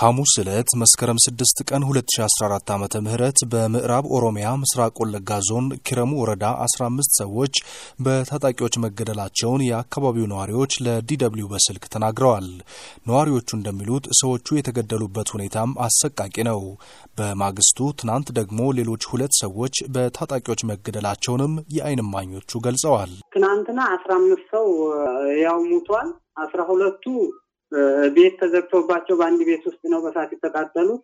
ሐሙስ ዕለት መስከረም 6 ቀን 2014 ዓ ም በምዕራብ ኦሮሚያ ምስራቅ ወለጋ ዞን ኪረሙ ወረዳ 15 ሰዎች በታጣቂዎች መገደላቸውን የአካባቢው ነዋሪዎች ለዲደብሊው በስልክ ተናግረዋል። ነዋሪዎቹ እንደሚሉት ሰዎቹ የተገደሉበት ሁኔታም አሰቃቂ ነው። በማግስቱ ትናንት ደግሞ ሌሎች ሁለት ሰዎች በታጣቂዎች መገደላቸውንም የአይን እማኞቹ ገልጸዋል። ትናንትና 15 ሰው ያው ሙቷል። አስራ ሁለቱ ቤት ተዘግቶባቸው በአንድ ቤት ውስጥ ነው በሳት የተቃጠሉት።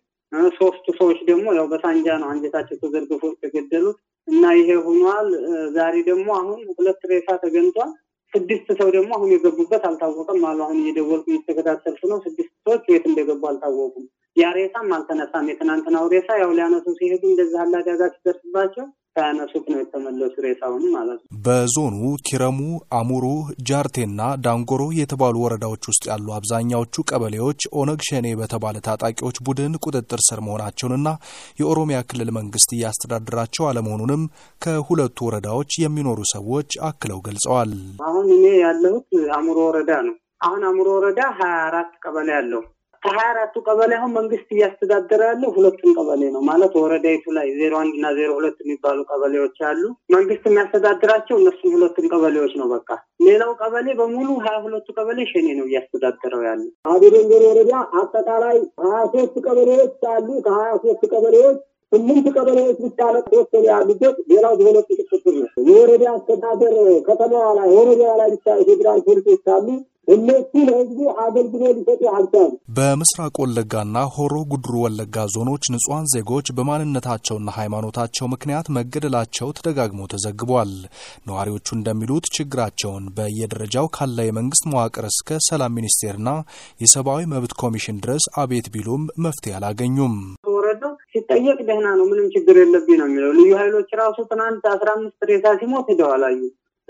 ሶስቱ ሰዎች ደግሞ ያው በሳንጃ ነው አንጀታቸው ተዘርግፎ የተገደሉት እና ይሄ ሆኗል። ዛሬ ደግሞ አሁን ሁለት ሬሳ ተገንቷል። ስድስት ሰው ደግሞ አሁን የገቡበት አልታወቀም አሉ። አሁን እየደወልኩ እየተከታተልኩ ነው። ስድስት ሰዎች የት እንደገቡ አልታወቁም። ያ ሬሳም አልተነሳም። የትናንትናው ሬሳ ያው ሊያነሱ ሲሄዱ እንደዚህ አለ ሲደርስባቸው ሳያነሱት ነው የተመለሱ ሬሳውን ማለት ነው። በዞኑ ኪረሙ፣ አሙሩ፣ ጃርቴና ዳንጎሮ የተባሉ ወረዳዎች ውስጥ ያሉ አብዛኛዎቹ ቀበሌዎች ኦነግ ሸኔ በተባለ ታጣቂዎች ቡድን ቁጥጥር ስር መሆናቸውንና የኦሮሚያ ክልል መንግስት እያስተዳደራቸው አለመሆኑንም ከሁለቱ ወረዳዎች የሚኖሩ ሰዎች አክለው ገልጸዋል። አሁን እኔ ያለሁት አሙሮ ወረዳ ነው። አሁን አሙሮ ወረዳ ሀያ አራት ቀበሌ ያለው ከሀያ አራቱ ቀበሌ አሁን መንግስት እያስተዳደረ ያለው ሁለቱን ቀበሌ ነው ማለት ወረዳይቱ ላይ ዜሮ አንድ እና ዜሮ ሁለት የሚባሉ ቀበሌዎች አሉ። መንግስት የሚያስተዳድራቸው እነሱን ሁለቱን ቀበሌዎች ነው። በቃ ሌላው ቀበሌ በሙሉ ሀያ ሁለቱ ቀበሌ ሸኔ ነው እያስተዳደረው ያለ። አቢሮንገር ወረዳ አጠቃላይ ሀያ ሶስት ቀበሌዎች አሉ። ከሀያ ሶስት ቀበሌዎች ስምንት ቀበሌዎች ብቻ ተወሰኑ ያሉበት፣ ሌላው በሁለቱ ቅጥቅጥር ነው። የወረዳ አስተዳደር ከተማዋ ላይ ወረዳ ላይ ብቻ የፌዴራል ፖሊሶች አሉ። እነሱ ለህዝቡ አገልግሎት ሊሰጡ አልቻሉ። በምስራቅ ወለጋና ሆሮ ጉድሩ ወለጋ ዞኖች ንጹሐን ዜጎች በማንነታቸውና ሃይማኖታቸው ምክንያት መገደላቸው ተደጋግሞ ተዘግቧል። ነዋሪዎቹ እንደሚሉት ችግራቸውን በየደረጃው ካለ የመንግስት መዋቅር እስከ ሰላም ሚኒስቴርና የሰብአዊ መብት ኮሚሽን ድረስ አቤት ቢሉም መፍትሄ አላገኙም። ሲጠየቅ ደህና ነው፣ ምንም ችግር የለብኝ ነው የሚለው። ልዩ ኃይሎች ራሱ ትናንት አስራ አምስት ሬሳ ሲሞት ሂደዋል አዩ።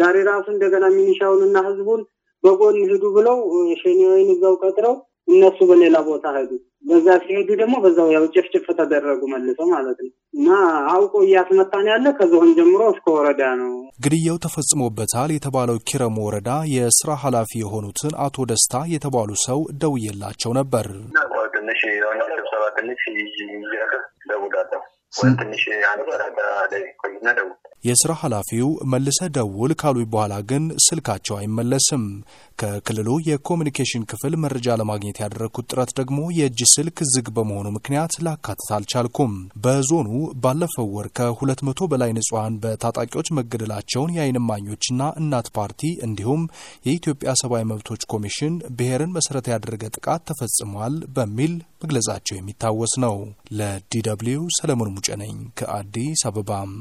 ዛሬ ራሱ እንደገና ሚኒሻውንና ህዝቡን በጎን ሂዱ ብለው ሸኔወይን እዛው ቀጥረው እነሱ በሌላ ቦታ ሄዱ። በዛ ሲሄዱ ደግሞ በዛው ያው ጭፍጭፍ ተደረጉ መልሰው ማለት ነው። እና አውቆ እያስመታን ያለ ከዞን ጀምሮ እስከ ወረዳ ነው። ግድያው ተፈጽሞበታል የተባለው ኪረሙ ወረዳ የስራ ኃላፊ የሆኑትን አቶ ደስታ የተባሉ ሰው ደውዬላቸው ነበር። ትንሽ የሆነ ስብሰባ ትንሽ ደውላለሁ የስራ ኃላፊው መልሰ ደውል ካሉኝ በኋላ ግን ስልካቸው አይመለስም። ከክልሉ የኮሚኒኬሽን ክፍል መረጃ ለማግኘት ያደረግኩት ጥረት ደግሞ የእጅ ስልክ ዝግ በመሆኑ ምክንያት ላካትት አልቻልኩም። በዞኑ ባለፈው ወር ከሁለት መቶ በላይ ንጹሐን በታጣቂዎች መገደላቸውን የአይን እማኞችና እናት ፓርቲ እንዲሁም የኢትዮጵያ ሰብአዊ መብቶች ኮሚሽን ብሔርን መሰረት ያደረገ ጥቃት ተፈጽሟል በሚል መግለጻቸው የሚታወስ ነው። ለዲ ደብልዩ ሰለሞን ሙጨነኝ ከአዲስ አበባም